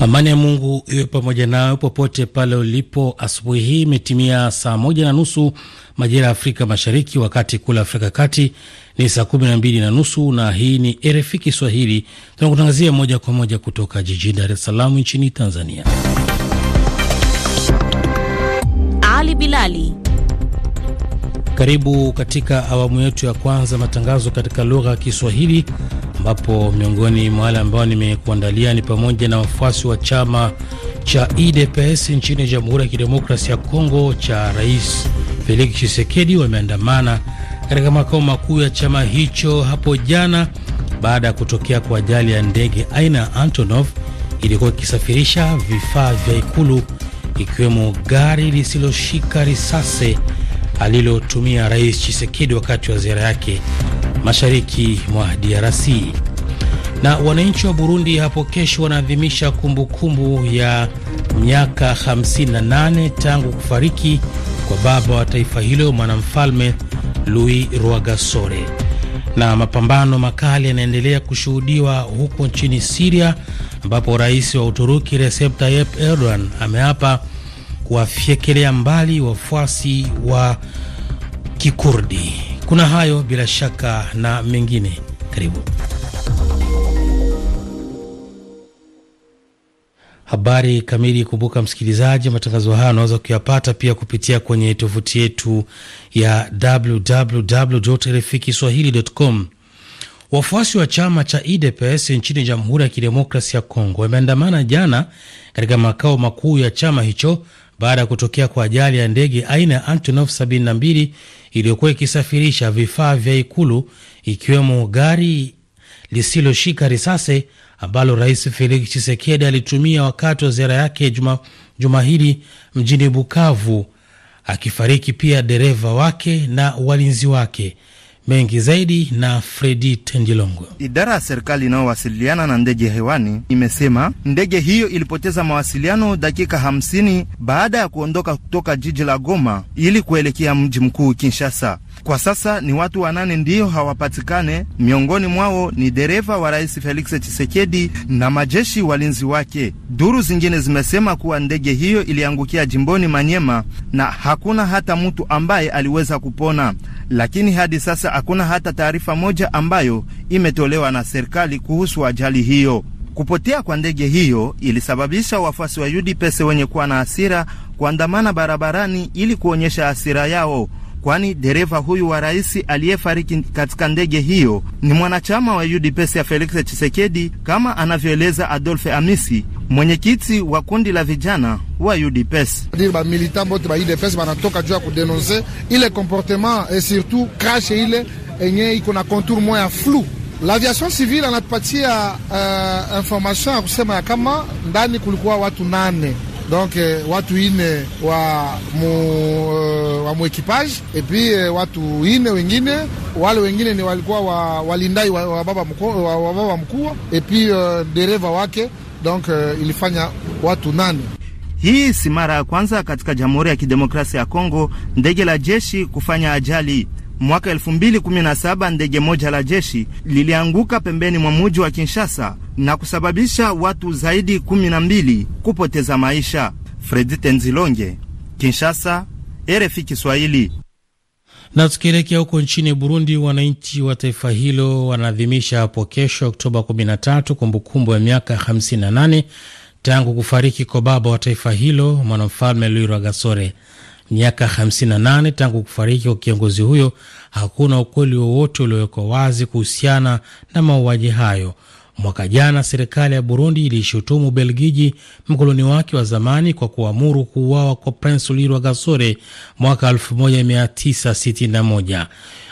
Amani ya Mungu iwe pamoja nawe popote pale ulipo. Asubuhi hii imetimia saa moja na nusu majira ya Afrika Mashariki, wakati kula Afrika Kati ni saa kumi na mbili na nusu na hii ni RFI Kiswahili, tunakutangazia moja kwa moja kutoka jijini Dar es Salaam nchini Tanzania. Ali Bilali, karibu katika awamu yetu ya kwanza matangazo katika lugha ya Kiswahili ambapo miongoni mwa wale ambao nimekuandalia ni pamoja na wafuasi wa chama cha UDPS nchini Jamhuri ya Kidemokrasia ya Kongo cha Rais Felix Tshisekedi wameandamana katika makao makuu ya chama hicho hapo jana baada ya kutokea kwa ajali ya ndege aina ya Antonov ilikuwa ikisafirisha vifaa vya ikulu ikiwemo gari lisiloshika risasi alilotumia Rais Tshisekedi wakati wa ziara yake mashariki mwa DRC. Na wananchi wa Burundi hapo kesho wanaadhimisha kumbukumbu ya miaka 58 tangu kufariki kwa baba wa taifa hilo mwanamfalme Louis Rwagasore. Na mapambano makali yanaendelea kushuhudiwa huko nchini Syria ambapo rais wa Uturuki Recep Tayyip Erdogan ameapa kuwafyekelea mbali wafuasi wa Kikurdi. Kuna hayo bila shaka na mengine, karibu. Habari kamili. Kumbuka msikilizaji, matangazo haya unaweza kuyapata pia kupitia kwenye tovuti yetu ya www.rfikiswahili.com. Wafuasi wa chama cha UDPS nchini Jamhuri ya Kidemokrasi ya Kongo wameandamana jana katika makao makuu ya chama hicho baada ya kutokea kwa ajali ya ndege aina ya Antonov 72 iliyokuwa ikisafirisha vifaa vya ikulu ikiwemo gari lisiloshika risasi ambalo Rais Felix Tshisekedi alitumia wakati wa ziara yake juma, juma hili mjini Bukavu, akifariki pia dereva wake na walinzi wake mengi zaidi na Fredi Tenjilongo. Idara ya serikali inayowasiliana na ndege hewani imesema ndege hiyo ilipoteza mawasiliano dakika hamsini baada ya kuondoka kutoka jiji la Goma ili kuelekea mji mkuu Kinshasa. Kwa sasa ni watu wanane ndiyo hawapatikane, miongoni mwao ni dereva wa Rais Felix chisekedi na majeshi walinzi wake. Duru zingine zimesema kuwa ndege hiyo iliangukia jimboni Manyema na hakuna hata mtu ambaye aliweza kupona, lakini hadi sasa hakuna hata taarifa moja ambayo imetolewa na serikali kuhusu ajali hiyo. Kupotea kwa ndege hiyo ilisababisha wafuasi wa UDPS wenye kuwa na hasira kuandamana barabarani ili kuonyesha hasira yao kwani dereva huyu wa rais aliyefariki katika ndege hiyo ni mwanachama wa UDPS ya Felix chisekedi kama anavyoeleza adolfe Amisi, mwenyekiti wa kundi la vijana wa UDPS. Ba milita bote ba UDPS banatoka juu ya kudenonse ile comportement et surtout crash ile enye iko na contour moya flou L'aviation civile anatupatia uh, information ya kusema ya kama ndani kulikuwa watu nane donc euh, watu ine wa mu, euh, wa mu equipage epi euh, watu ine wengine, wale wengine ni walikuwa wa, walindai wa, wa baba mkuu wa, wa baba mkuu epi uh, dereva wake donc uh, ilifanya watu nane. Hii si mara ya kwanza katika Jamhuri ya Kidemokrasia ya Kongo ndege la jeshi kufanya ajali. Mwaka 2017 ndege moja la jeshi lilianguka pembeni mwa muji wa Kinshasa na kusababisha watu zaidi 12 kupoteza maisha. Fredi Tenzilonge, Kinshasa, RFI Kiswahili. Na tukielekea huko nchini Burundi, wananchi wa taifa hilo wanaadhimisha hapo kesho Oktoba 13 kumbukumbu ya miaka 58 tangu kufariki kwa baba wa taifa hilo mwanamfalme Louis Rwagasore miaka 58 tangu kufariki kwa kiongozi huyo, hakuna ukweli wowote uliowekwa wazi kuhusiana na mauaji hayo. Mwaka jana serikali ya Burundi ilishutumu Belgiji, mkoloni wake wa zamani, kwa kuamuru kuuawa kwa Prince gasore mwaka 1961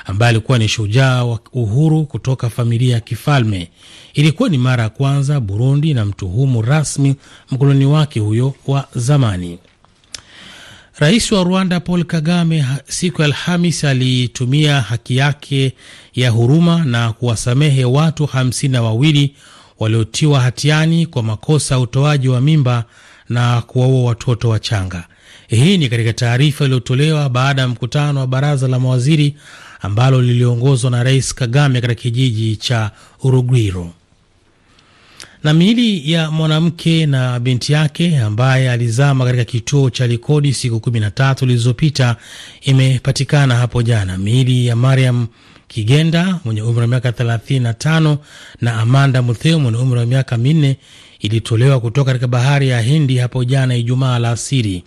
ambaye alikuwa ni shujaa wa uhuru kutoka familia ya kifalme. Ilikuwa ni mara ya kwanza Burundi na mtuhumu rasmi mkoloni wake huyo wa zamani. Rais wa Rwanda Paul Kagame siku ya Alhamis alitumia haki yake ya huruma na kuwasamehe watu hamsini na wawili waliotiwa hatiani kwa makosa ya utoaji wa mimba na kuwaua watoto wachanga. Hii ni katika taarifa iliyotolewa baada ya mkutano wa baraza la mawaziri ambalo liliongozwa na Rais Kagame katika kijiji cha Urugwiro. Na miili ya mwanamke na binti yake ambaye alizama katika kituo cha Likodi siku kumi na tatu zilizopita imepatikana hapo jana. Miili ya Mariam Kigenda mwenye umri wa miaka 35 na Amanda Mutheu mwenye umri wa miaka minne ilitolewa kutoka katika bahari ya Hindi hapo jana Ijumaa alasiri.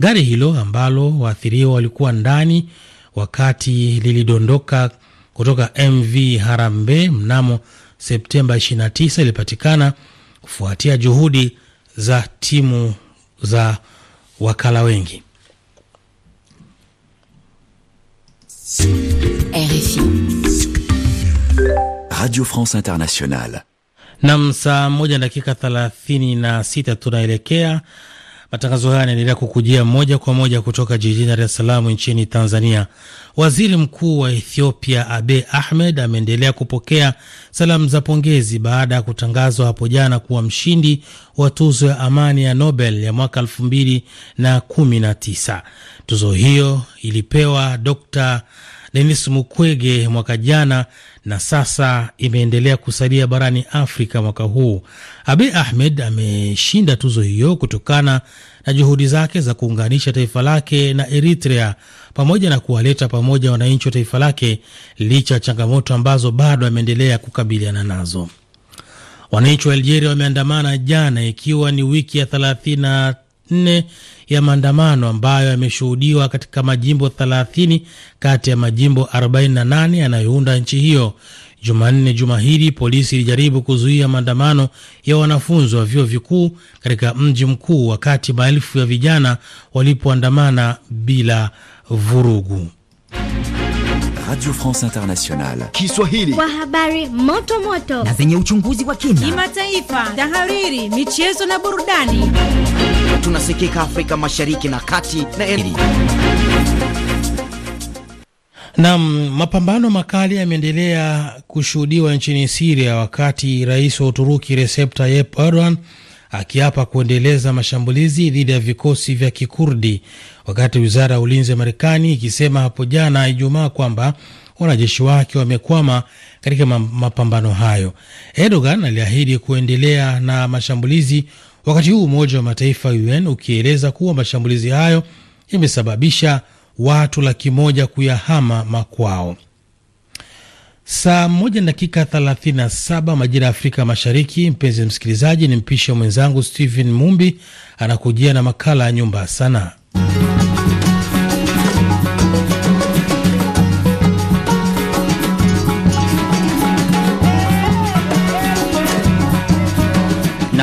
Gari hilo ambalo waathiriwa walikuwa ndani wakati lilidondoka kutoka MV Harambe mnamo Septemba 29 ilipatikana kufuatia juhudi za timu za wakala wengi. RFI Radio France Internationale. Nam, saa moja dakika 36 tunaelekea Matangazo haya yanaendelea kukujia moja kwa moja kutoka jijini Dar es Salaam nchini Tanzania. Waziri Mkuu wa Ethiopia abe Ahmed ameendelea kupokea salamu za pongezi baada ya kutangazwa hapo jana kuwa mshindi wa tuzo ya amani ya Nobel ya mwaka 2019. Tuzo hiyo ilipewa Dr Denis Mukwege mwaka jana na sasa imeendelea kusalia barani Afrika mwaka huu. Abiy Ahmed ameshinda tuzo hiyo kutokana na juhudi zake za kuunganisha taifa lake na Eritrea pamoja na kuwaleta pamoja wananchi wa taifa lake licha ya changamoto ambazo bado ameendelea kukabiliana nazo. Wananchi wa Algeria wameandamana jana, ikiwa ni wiki ya thelathini nne ya maandamano ambayo yameshuhudiwa katika majimbo 30 kati ya majimbo 48 yanayounda nchi hiyo. Jumanne juma hili polisi ilijaribu kuzuia maandamano ya wanafunzi wa vyuo vikuu katika mji mkuu, wakati maelfu ya vijana walipoandamana bila vurugu. Radio France Internationale Kiswahili kwa habari moto moto na zenye uchunguzi wa kina, kimataifa, tahariri, michezo na burudani tunasikika Afrika Mashariki na Kati na Eri. Nam, mapambano makali yameendelea kushuhudiwa nchini Siria wakati rais wa Uturuki Recep Tayyip Erdogan akiapa kuendeleza mashambulizi dhidi ya vikosi vya Kikurdi, wakati wizara ya ulinzi ya Marekani ikisema hapo jana Ijumaa kwamba wanajeshi wake wamekwama katika mapambano hayo. Erdogan aliahidi kuendelea na mashambulizi wakati huu Umoja wa Mataifa UN ukieleza kuwa mashambulizi hayo yamesababisha watu laki moja kuyahama makwao. Saa moja na dakika 37 majira ya Afrika Mashariki. Mpenzi msikilizaji, ni mpishe mwenzangu Stephen Mumbi anakujia na makala ya Nyumba ya Sanaa.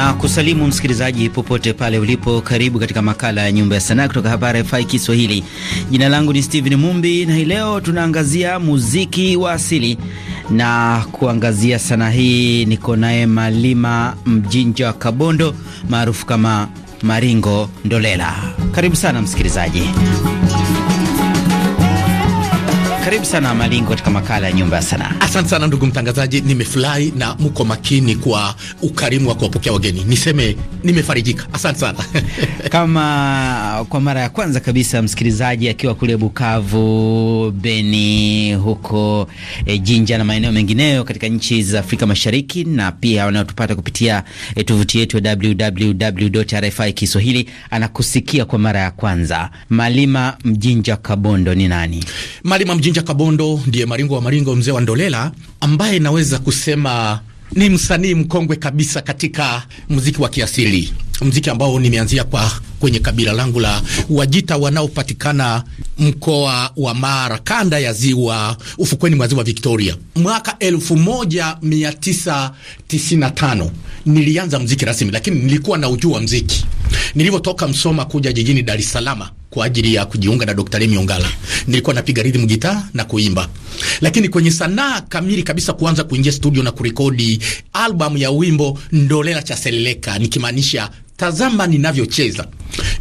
na kusalimu msikilizaji popote pale ulipo. Karibu katika makala ya Nyumba ya Sanaa kutoka hapa RFI Kiswahili. Jina langu ni Steven Mumbi na hii leo tunaangazia muziki wa asili na kuangazia sanaa hii, niko naye Malima Mjinja Kabondo maarufu kama Maringo Ndolela. Karibu sana msikilizaji. Karibu sana Malingo katika makala ya nyumba ya sanaa. Asante sana ndugu mtangazaji, nimefurahi na mko makini kwa ukarimu wa kuwapokea wageni. Niseme nimefarijika, asante sana. Kama kwa mara ya kwanza kabisa msikilizaji akiwa kule Bukavu, Beni, huko e, Jinja na maeneo mengineyo katika nchi za Afrika Mashariki, na pia wanaotupata kupitia e, tovuti yetu ya www.rfi Kiswahili, anakusikia kwa mara ya kwanza. Malima Mjinja Kabondo ni nani? Malima Mjinja Kabondo ndiye Maringo wa Maringo, mzee wa Ndolela, ambaye naweza kusema ni msanii mkongwe kabisa katika muziki wa kiasili, muziki ambao nimeanzia kwa kwenye kabila langu la Wajita wanaopatikana mkoa wa Mara, kanda ya ziwa, ufukweni mwa ziwa Victoria. Mwaka 1995 nilianza mziki rasmi, lakini nilikuwa na ujuu wa mziki nilivyotoka Msoma kuja jijini Dar es Salaam kwa ajili ya kujiunga na Dr. Lemi Ongala. Nilikuwa napiga rhythm gitaa na kuimba lakini kwenye sanaa kamili kabisa kuanza kuingia studio na kurekodi albamu ya wimbo Ndolela cha Seleleka, nikimaanisha tazama ninavyocheza,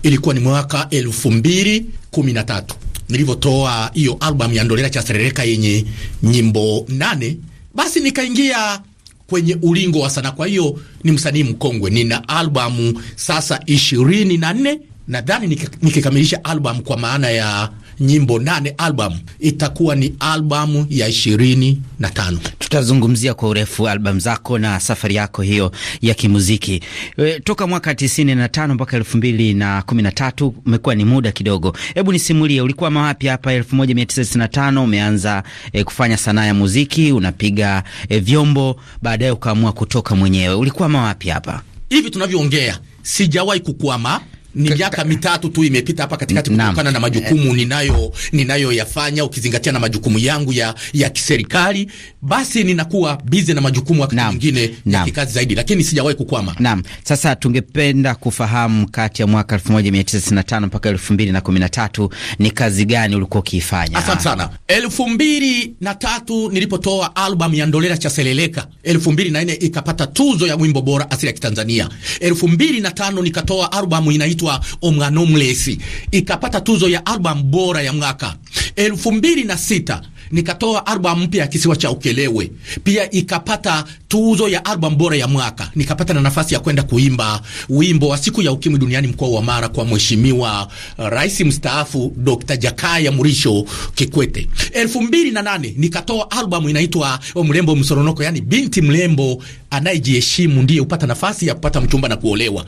ilikuwa ni mwaka elfu mbili kumi na tatu nilivyotoa hiyo albamu ya Ndolela cha Seleleka yenye nyimbo nane. Basi nikaingia kwenye ulingo wa sanaa. Kwa hiyo ni msanii mkongwe, nina albamu sasa ishirini na nne nadhani nikikamilisha album kwa maana ya nyimbo nane, album itakuwa ni albamu ya ishirini na tano. Tutazungumzia kwa urefu albamu zako na safari yako hiyo ya kimuziki e, toka mwaka tisini na tano mpaka elfu mbili na kumi na tatu umekuwa ni muda kidogo. Hebu nisimulie, ulikuwa mawapi hapa elfu moja mia tisa tisini na tano umeanza e, kufanya sanaa ya muziki, unapiga e, vyombo, baadaye ukaamua kutoka mwenyewe. Ulikuwa mawapi hapa hivi tunavyoongea? Sijawahi kukwama ni miaka mitatu tu imepita hapa katikati kutokana na majukumu eh. ninayo ninayoyafanya, ukizingatia na majukumu yangu ya ya kiserikali, basi ninakuwa busy na majukumu wakati mwingine ya kikazi zaidi, lakini sijawahi kukwama. Naam. Sasa tungependa kufahamu kati ya mwaka 1995 mpaka 2013 ni kazi gani ulikuwa ukiifanya? Asante sana. 2003 nilipotoa album ya Ndolera cha Seleleka, 2004 ikapata tuzo ya wimbo bora asili ya Kitanzania, 2005 nikatoa album inaitwa inaitwa Omwana Omulesi, ikapata tuzo ya albamu bora ya mwaka elfu mbili na sita nikatoa album mpya ya Kisiwa cha Ukelewe, pia ikapata tuzo ya album bora ya mwaka. Nikapata na nafasi ya kwenda kuimba wimbo wa siku ya ukimwi duniani mkoa wa Mara kwa mheshimiwa uh, rais mstaafu Dr. Jakaya Mrisho Kikwete. elfu mbili na nane nikatoa album inaitwa oh, Mrembo Msoronoko, yani binti mrembo anayejiheshimu ndiye upata nafasi ya kupata mchumba na kuolewa.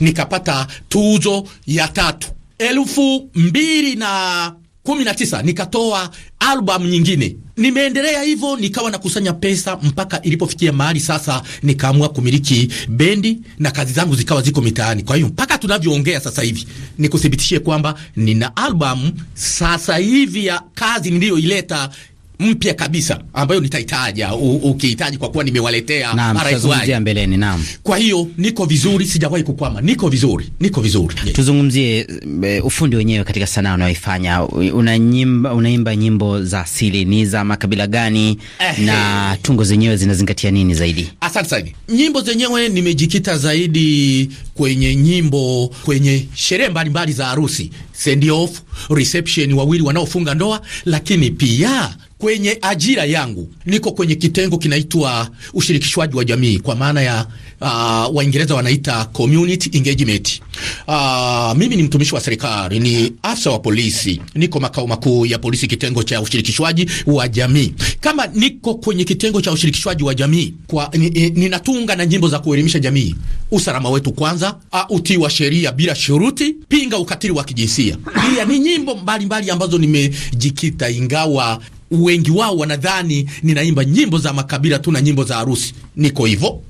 Nikapata tuzo ya tatu elfu mbili na kumi na tisa nikatoa album nyingine. Nimeendelea hivyo, nikawa nakusanya pesa mpaka ilipofikia mahali sasa nikaamua kumiliki bendi na kazi zangu zikawa ziko mitaani. Kwa hiyo mpaka tunavyoongea sasa hivi, nikuthibitishie kwamba nina album sasa hivi ya kazi niliyoileta mpya kabisa ambayo nitaitaja ukihitaji, kwa kuwa nimewaletea mara mbeleni. Naam, kwa hiyo niko vizuri, sijawahi kukwama, niko vizuri, niko vizuri. Tuzungumzie e, ufundi wenyewe katika sanaa unayoifanya. Unaimba, unaimba nyimbo za asili, ni za makabila gani? Ehe. na tungo zenyewe zinazingatia nini zaidi? Asante sana. Nyimbo zenyewe nimejikita zaidi kwenye nyimbo kwenye sherehe mbalimbali za harusi, send off, reception, wawili wanaofunga ndoa, lakini pia Kwenye ajira yangu niko kwenye kitengo kinaitwa ushirikishwaji wa jamii, kwa maana ya uh, Waingereza wanaita community engagement. Uh, mimi ni mtumishi wa serikali, ni afisa wa polisi, niko makao makuu ya polisi kitengo cha ushirikishwaji wa jamii. Kama niko kwenye kitengo cha ushirikishwaji wa jamii kwa ninatunga ni, ni na nyimbo za kuelimisha jamii, usalama wetu kwanza, uh, utii wa sheria bila shuruti, pinga ukatili wa kijinsia. Pia ni nyimbo mbalimbali mbali ambazo nimejikita ingawa wengi wao wanadhani ninaimba nyimbo za makabila tu na nyimbo za harusi. Niko hivyo.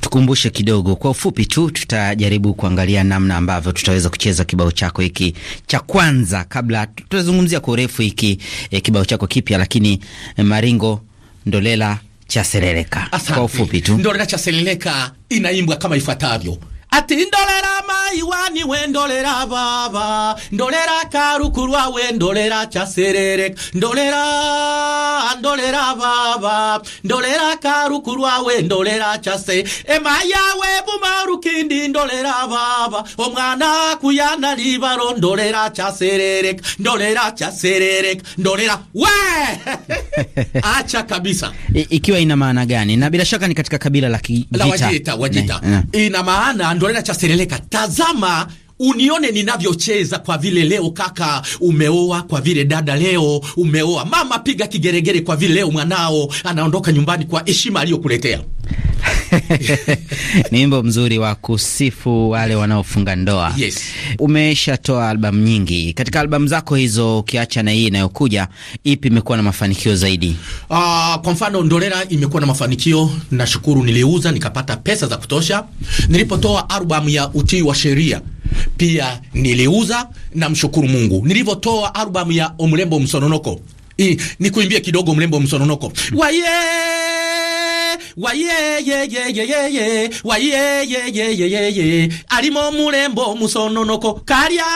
Tukumbushe kidogo kwa ufupi tu, tutajaribu kuangalia namna ambavyo tutaweza kucheza kibao chako hiki cha kwanza, kabla tutazungumzia kwa urefu hiki e, kibao chako kipya, lakini e, Maringo Ndolela cha Seleleka. Kwa ufupi tu, Ndolela cha Seleleka inaimbwa kama ifuatavyo ati ndolera mai wani we ndolera baba ndolera karuku lwawe ndolera chaserere ndolera ndolera baba ndolera karuku lwawe ndolera chase e we bumaru kindi ndolera baba omwana kuyana libaro ndolera chaserere ndolera chaserere ndolera we acha kabisa I, ikiwa ina maana gani na bila shaka ni katika kabila la Kijita la Wajita, Wajita. Eh, eh. ina maana ndo nina cha sereleka. Tazama unione ninavyocheza kwa vile leo kaka umeoa, kwa vile dada leo umeoa, mama piga kigeregere kwa vile leo mwanao anaondoka nyumbani kwa heshima aliyokuletea. Ni wimbo mzuri wa kusifu wale wanaofunga ndoa. Yes. Umeshatoa albamu nyingi. Katika albamu zako hizo ukiacha na hii inayokuja, ipi imekuwa na mafanikio zaidi? Uh, kwa mfano Ndolera imekuwa na mafanikio, nashukuru niliuza nikapata pesa za kutosha. Nilipotoa albamu ya utii wa sheria pia niliuza, namshukuru Mungu. Nilivyotoa albamu ya Omrembo Msononoko, nikuimbie kidogo Mrembo Msononoko waye wayeyeyeyeyeye wayeyeyeyeyeye alimo omulembe omusononoko kalya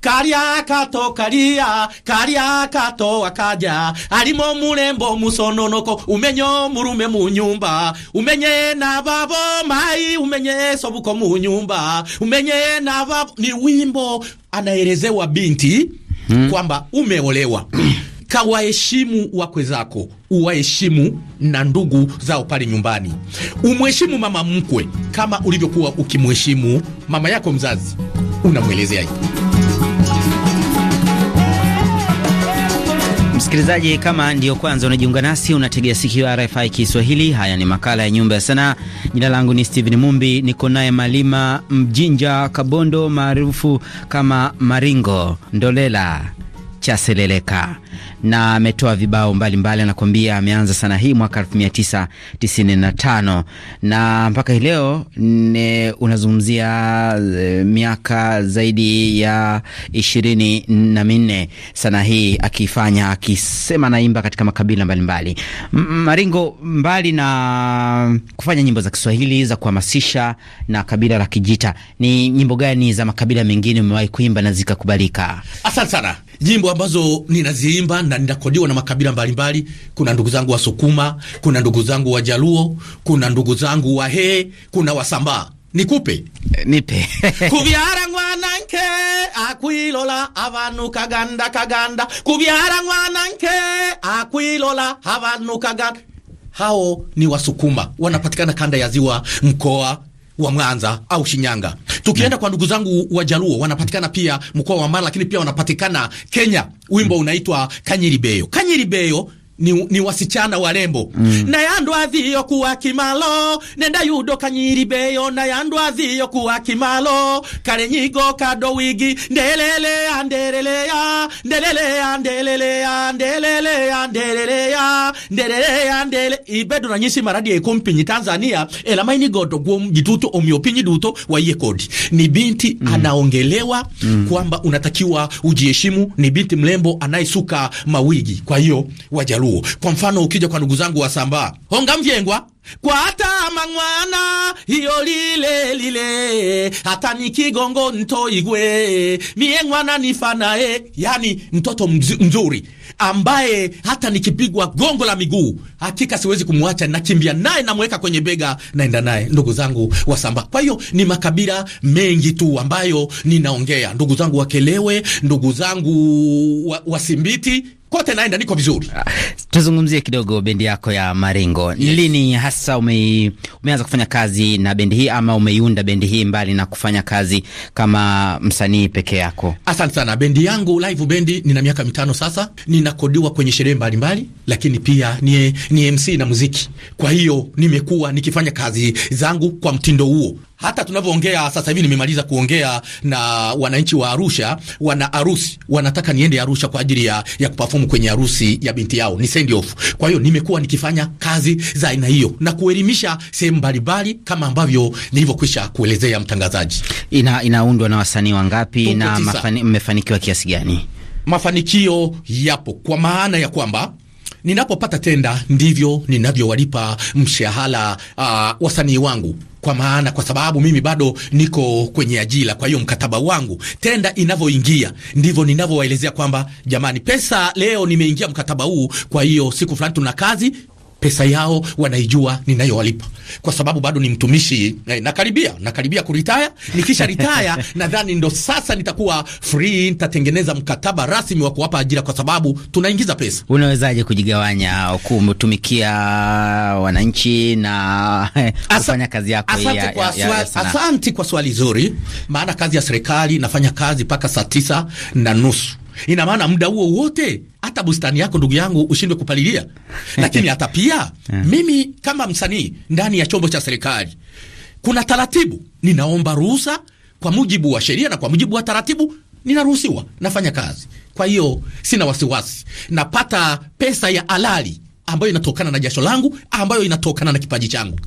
kalya kato kalya kalya kato akaja alimo omulembe omusononoko umenye omurume mu umenye nababo mai umenye sobuko mu umenye nababo ni wimbo binti hmm. kwamba umeolewa kawaheshimu wakwe zako, uwaheshimu na ndugu zao pale nyumbani, umheshimu mama mkwe kama ulivyokuwa ukimheshimu mama yako mzazi. unamwelezea Unamwelezeaje? Msikilizaji, kama ndiyo kwanza unajiunga nasi, unategea sikio RFI Kiswahili. Haya ni makala ya Nyumba ya Sanaa. Jina langu ni Steven Mumbi, niko naye Malima Mjinja Kabondo maarufu kama Maringo Ndolela Chaseleleka na ametoa vibao mbalimbali, anakuambia ameanza sana hii mwaka 1995 na mpaka hii leo unazungumzia e, miaka zaidi ya ishirini na minne sana hii akifanya akisema naimba katika makabila mbalimbali mbali. Maringo, mbali na kufanya nyimbo za Kiswahili za kuhamasisha na kabila la Kijita, ni nyimbo gani za makabila mengine umewahi kuimba na zikakubalika? Asante sana. Nyimbo ambazo ninaziimba na ninakodiwa na makabila mbalimbali. Kuna ndugu zangu wa Sukuma, kuna ndugu zangu wa Jaluo, kuna ndugu zangu wa He, kuna Wasambaa. Nikupe eh, nipe kubyara mwananke akwilola abantu kaganda kaganda kubyara mwananke akwilola abantu kaganda hao ni Wasukuma, wanapatikana kanda ya Ziwa, mkoa wa Mwanza au Shinyanga. Tukienda mm. kwa ndugu zangu Wajaluo wanapatikana pia mkoa wa Mara, lakini pia wanapatikana Kenya. Wimbo mm. unaitwa Kanyiribeyo. Kanyiribeyo ni, ni wasichana warembo mm. na nayandwathiyo kuwa kimalo nenda yudo kanyiri beyo kanyiribeyo nayandwathiyo kuwa kimalo kare nyigo kado wigi ndelele ndelelea ndelele ndelelea ndelele ndelelea ndelele ndele ibedo na nyisi maradi ya ikumpinyi Tanzania elamaini godo guo mjituto omiopinyi duto wa iye kodi ni binti mm. anaongelewa mm. kwamba unatakiwa ujiheshimu ni binti mlembo anayesuka mawigi kwa hiyo wajalu kwa mfano ukija kwa ndugu zangu Wasambaa, honga mvyengwa kwata mang'wana iyo lile lile, hata nikigongo igwe mie ng'wana nifanae. Yani mtoto mzuri ambaye hata nikipigwa gongo la miguu hakika siwezi kumwacha, nakimbia naye, namweka kwenye bega, naenda naye. Ndugu zangu Wasamba, kwa hiyo ni makabila mengi tu ambayo ninaongea, ndugu zangu Wakelewe, ndugu zangu wa, Wasimbiti, kote naenda, niko vizuri. Ah, tuzungumzie kidogo bendi yako ya Maringo, yes. lini hasa sasa ume, umeanza kufanya kazi na bendi hii ama umeiunda bendi hii mbali na kufanya kazi kama msanii peke yako? Asante sana. Bendi yangu live bendi, nina miaka mitano sasa, ninakodiwa kwenye sherehe mbalimbali, lakini pia ni, ni MC na muziki. Kwa hiyo nimekuwa nikifanya kazi zangu kwa mtindo huo hata tunavyoongea sasa hivi nimemaliza kuongea na wananchi wa Arusha, wana harusi wanataka niende Arusha kwa ajili ya, ya kuperform kwenye harusi ya binti yao, ni send off. Kwa hiyo nimekuwa nikifanya kazi za aina hiyo na kuelimisha sehemu mbalimbali kama ambavyo nilivyokwisha kuelezea mtangazaji. Ina, inaundwa na wasanii wangapi na mmefanikiwa kiasi gani? Mafanikio yapo kwa maana ya kwamba ninapopata tenda ndivyo ninavyowalipa mshahara uh, wasanii wangu kwa maana, kwa sababu mimi bado niko kwenye ajira. Kwa hiyo mkataba wangu tenda inavyoingia ndivyo ninavyowaelezea kwamba jamani, pesa leo nimeingia mkataba huu, kwa hiyo siku fulani tuna kazi pesa yao wanaijua ninayowalipa, kwa sababu bado ni mtumishi eh, nakaribia nakaribia kuritaya. Nikisha ritaya nadhani ndo sasa nitakuwa free, nitatengeneza mkataba rasmi wa kuwapa ajira, kwa sababu tunaingiza pesa. Unawezaje kujigawanya kumtumikia wananchi na kufanya kazi yako? Asante, ya, kwa, ya, ya, ya asante kwa swali zuri, maana kazi ya serikali nafanya kazi mpaka saa tisa na nusu Ina maana muda huo wote hata bustani yako ndugu yangu ushindwe kupalilia, lakini hata pia eh. mimi kama msanii ndani ya chombo cha serikali kuna taratibu, ninaomba ruhusa kwa mujibu wa sheria na kwa mujibu wa taratibu, ninaruhusiwa nafanya kazi. Kwa hiyo sina wasiwasi, napata pesa ya halali ambayo inatokana na jasho langu, ambayo inatokana na kipaji changu.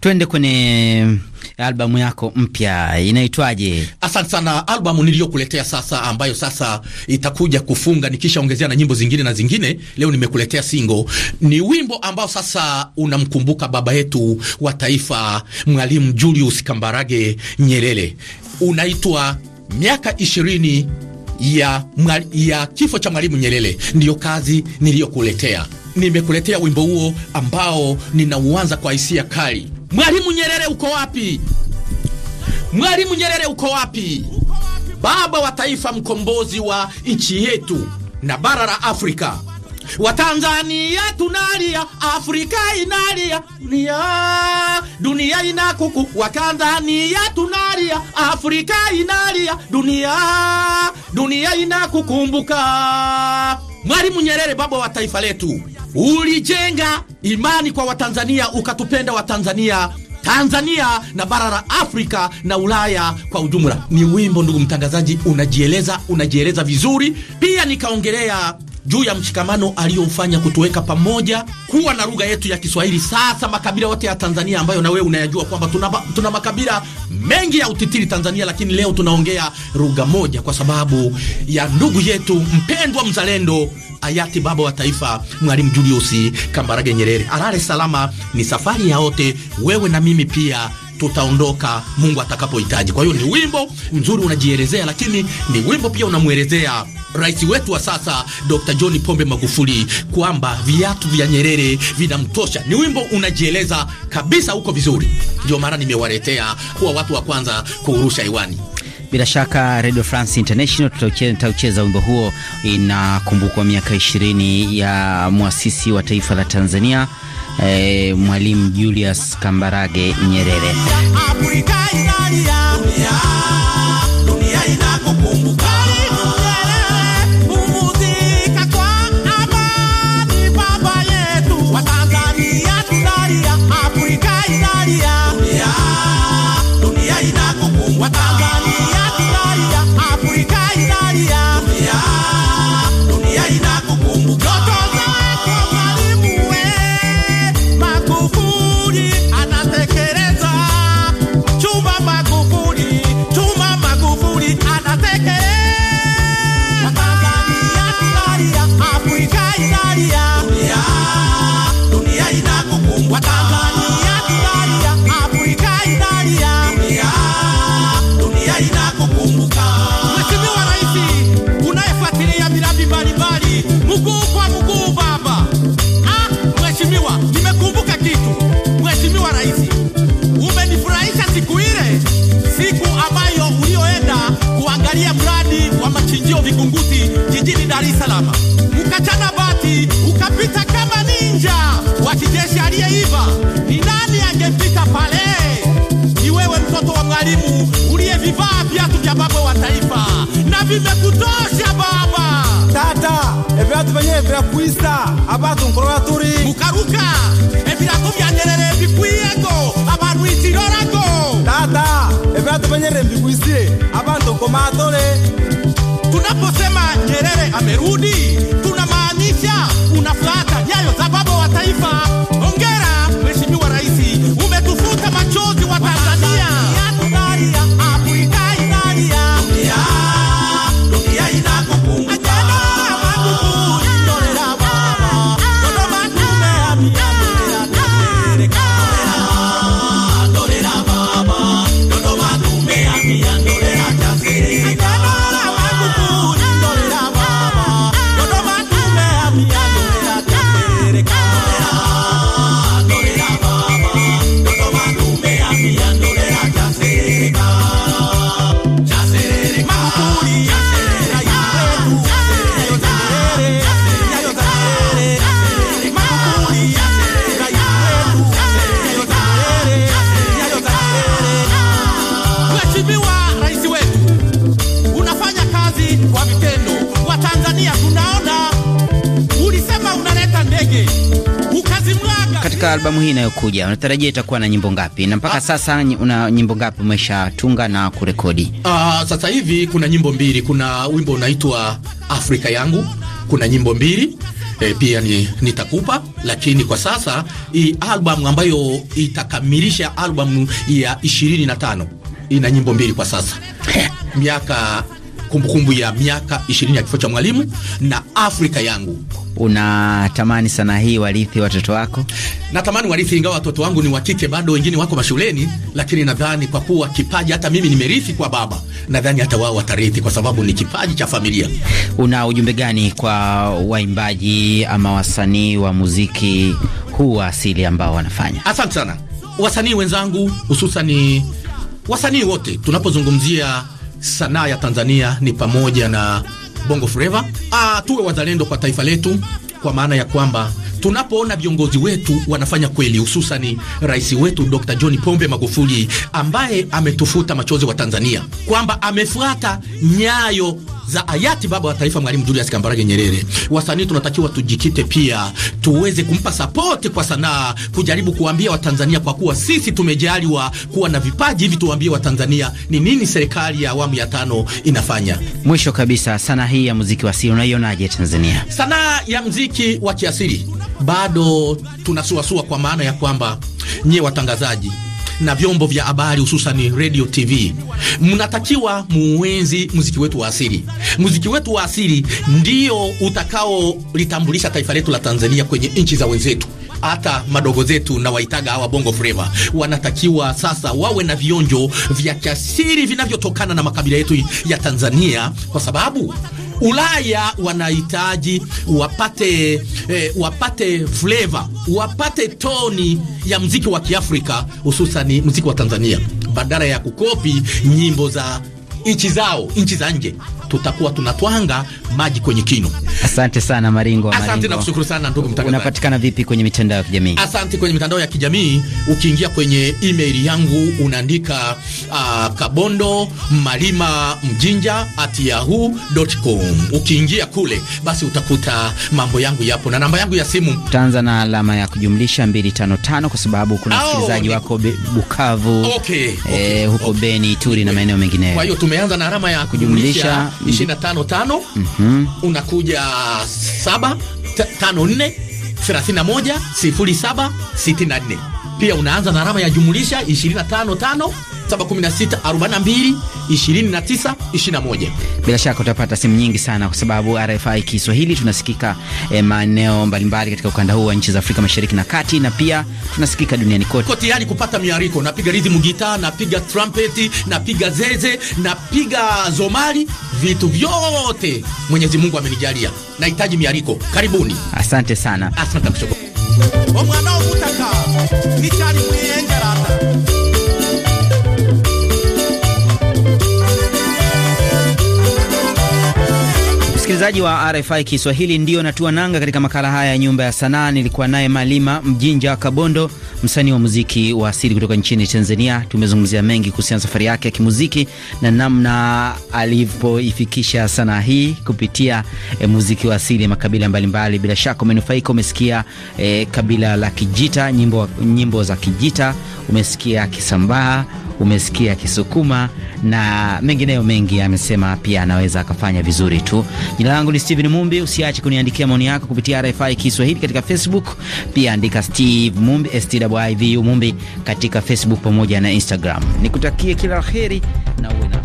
Twende kwenye eh, albamu yako mpya inaitwaje? Asante sana. Albamu niliyokuletea sasa, ambayo sasa itakuja kufunga nikishaongezea na nyimbo zingine na zingine, leo nimekuletea single, ni wimbo ambao sasa unamkumbuka baba yetu wa taifa, Mwalimu Julius Kambarage Nyerere, unaitwa miaka ishirini ya, ya kifo cha Mwalimu Nyerere. Ndiyo kazi niliyokuletea nimekuletea wimbo huo ambao ninauanza kwa hisia kali. Mwalimu Nyerere uko wapi? Mwalimu Nyerere uko wapi? Baba wa taifa mkombozi wa nchi yetu na bara la Afrika. Watanzania tunalia, Afrika inalia, dunia dunia inakuku. Watanzania tunalia, Afrika inalia, dunia dunia inakukumbuka. Mwalimu Nyerere, baba wa taifa letu, ulijenga imani kwa Watanzania, ukatupenda Watanzania, Tanzania na bara la Afrika na Ulaya kwa ujumla. Ni wimbo, ndugu mtangazaji, unajieleza unajieleza vizuri. Pia nikaongelea juu ya mshikamano aliyofanya kutuweka pamoja, kuwa na lugha yetu ya Kiswahili. Sasa makabila yote ya Tanzania ambayo na wewe unayajua kwamba tuna, tuna makabila mengi ya utitiri Tanzania, lakini leo tunaongea lugha moja kwa sababu ya ndugu yetu mpendwa mzalendo hayati baba wa taifa Mwalimu Julius Kambarage Nyerere. Harare salama ni safari ya wote, wewe na mimi pia tutaondoka Mungu atakapohitaji. Kwa hiyo ni wimbo mzuri unajielezea, lakini ni wimbo pia unamwelezea rais wetu wa sasa Dr. John Pombe Magufuli kwamba viatu vya Nyerere vinamtosha. Ni wimbo unajieleza kabisa huko vizuri, ndio maana nimewaletea kuwa watu wa kwanza kuurusha iwani bila shaka Radio France International tutaucheza wimbo huo. Inakumbukwa miaka ishirini ya mwasisi wa taifa la Tanzania, e, Mwalimu Julius Kambarage Nyerere. Afrika inalia, dunia inakukumbuka vya baba wa taifa na vimekutosha baba tata eviratu venye virakwisa abatu nkorora turi ukaruka eviratu vya nyerere vikwiyego abantu itirorago tata eviratu venye vimvikwisire abantu nkomatore tunaposema nyerere amerudi albamu hii inayokuja unatarajia itakuwa na nyimbo ngapi? Na mpaka ah, sasa una nyimbo ngapi umeshatunga na kurekodi? Ah, sasa hivi kuna nyimbo mbili. Kuna wimbo unaitwa Afrika yangu, kuna nyimbo mbili E, pia ni, nitakupa lakini kwa sasa hii album ambayo itakamilisha album ya 25 ina nyimbo mbili kwa sasa. Miaka kumbukumbu ya miaka 20 ya kifo cha mwalimu na Afrika yangu. Unatamani sana hii warithi watoto wako? Natamani warithi, ingawa watoto wangu ni wakike bado wengine wako mashuleni, lakini nadhani kwa kuwa kipaji hata mimi nimerithi kwa baba, nadhani hata wao watarithi kwa sababu ni kipaji cha familia. Una ujumbe gani kwa waimbaji ama wasanii wa muziki huu wa asili ambao wanafanya? Asante sana wasanii wenzangu, hususani wasanii wote tunapozungumzia sanaa ya Tanzania ni pamoja na Bongo Flava. Ah, tuwe wazalendo kwa taifa letu, kwa maana ya kwamba tunapoona viongozi wetu wanafanya kweli, hususani rais wetu Dr. John Pombe Magufuli ambaye ametufuta machozi wa Tanzania, kwamba amefuata nyayo za hayati baba wa taifa Mwalimu Julius Kambarage Nyerere. Wasanii tunatakiwa tujikite pia tuweze kumpa sapoti kwa sanaa, kujaribu kuambia Watanzania kwa kuwa sisi tumejaliwa kuwa na vipaji hivi, tuwambie Watanzania ni nini serikali ya awamu ya tano inafanya. Mwisho kabisa, sanaa hii ya muziki wa asili unaionaje Tanzania? Sanaa ya muziki wa kiasili bado tunasuasua, kwa maana ya kwamba nyie watangazaji na vyombo vya habari hususan radio, TV, mnatakiwa muenzi muziki wetu wa asili. Muziki wetu wa asili ndio utakaolitambulisha taifa letu la Tanzania kwenye nchi za wenzetu hata madogo zetu na waitaga hawa bongo flava wanatakiwa sasa wawe na vionjo vya kiasili vinavyotokana na makabila yetu ya Tanzania, kwa sababu Ulaya wanahitaji wapate, eh, wapate flavor, wapate toni ya mziki wa Kiafrika, hususani mziki wa Tanzania badala ya kukopi nyimbo za nchi zao, nchi za nje tutakuwa tunatwanga maji kwenye kinu. Asante sana Maringo. Asante Maringo. Na kushukuru sana ndugu mtangazaji. Unapatikana vipi kwenye mitandao ya kijamii? Asante, kwenye mitandao ya kijamii ukiingia kwenye email yangu unaandika uh, kabondo malima mjinja at yahoo.com. Ukiingia kule basi utakuta mambo yangu yapo na namba yangu ya simu. Utaanza na alama ya kujumlisha 255 kwa sababu kuna msikilizaji wako Bukavu, okay, eh, okay, eh, huko okay, Beni, Ituri na maeneo mengineyo. Kwa hiyo tumeanza na alama ya kujumlisha, kujumlisha ishirini na tano tano mhm. unakuja saba tano nne thelathini na moja sifuri saba sitini na nne pia unaanza na alama ya jumulisha ishirini na tano tano 0716242921. Bila shaka utapata simu nyingi sana kwa sababu RFI Kiswahili tunasikika eh, maeneo mbalimbali katika ukanda huu wa nchi za Afrika Mashariki na Kati na pia tunasikika duniani kote. Kote yani kupata miariko, napiga rhythm guitar, napiga trumpet, napiga zeze, napiga zomali, vitu vyote Mwenyezi Mungu amenijalia. Nahitaji miariko. Karibuni. Asante sana. Asante kushukuru. Msikilizaji wa RFI Kiswahili, ndiyo natua nanga katika makala haya ya nyumba ya sanaa. Nilikuwa naye Malima Mjinja Kabondo, msanii wa muziki wa asili kutoka nchini Tanzania. Tumezungumzia mengi kuhusiana safari yake ya kimuziki na namna alivyoifikisha sanaa hii kupitia e, muziki wa asili ya makabila mbalimbali mbali. Bila shaka umenufaika, umesikia e, kabila la Kijita, nyimbo, nyimbo za Kijita, umesikia Kisambaa umesikia Kisukuma na mengineyo mengi. Amesema pia anaweza akafanya vizuri tu. Jina langu ni Steven Mumbi, usiache kuniandikia maoni yako kupitia RFI Kiswahili katika Facebook, pia andika Steve Mumbi Stivu Mumbi katika Facebook pamoja na Instagram. Nikutakie kila laheri na uwe na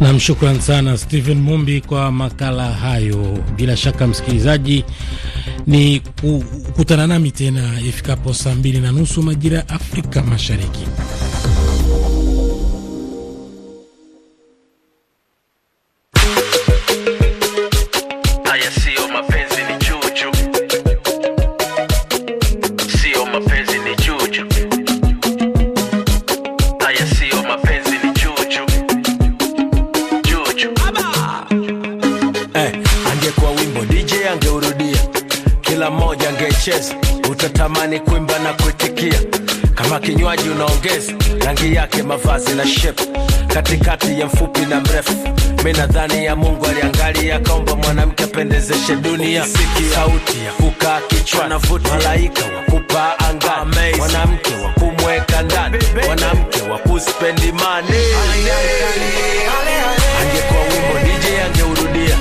Nam, shukran sana Stephen Mumbi kwa makala hayo. Bila shaka msikilizaji, ni kukutana nami tena ifikapo saa mbili na nusu majira ya Afrika Mashariki. mi nadhani ya Mungu aliangalia akaomba mwanamke apendezeshe dunia. Siki sauti ya fuka kichwa vuta malaika wa kupaa angani, mwanamke wa kumweka ndani, mwanamke wa kuspendi mani. Angekuwa wimbo DJ angeurudia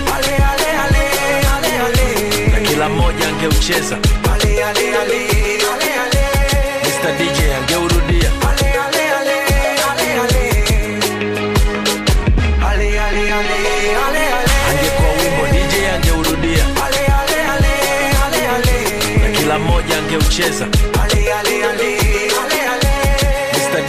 na kila mmoja angeucheza ale, ale, ale. angeucheza, Mr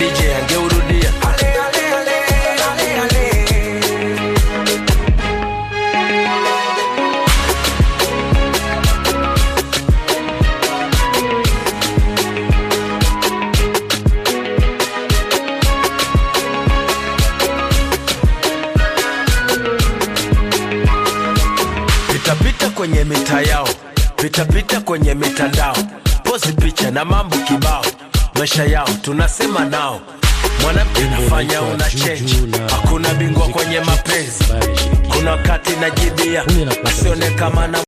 DJ kwenye mita yao, pitapita kwenye mitandao maisha yao, tunasema nao mwanamke nafanya una chenji, hakuna bingwa kwenye mapenzi. Kuna wakati najibia asione kama na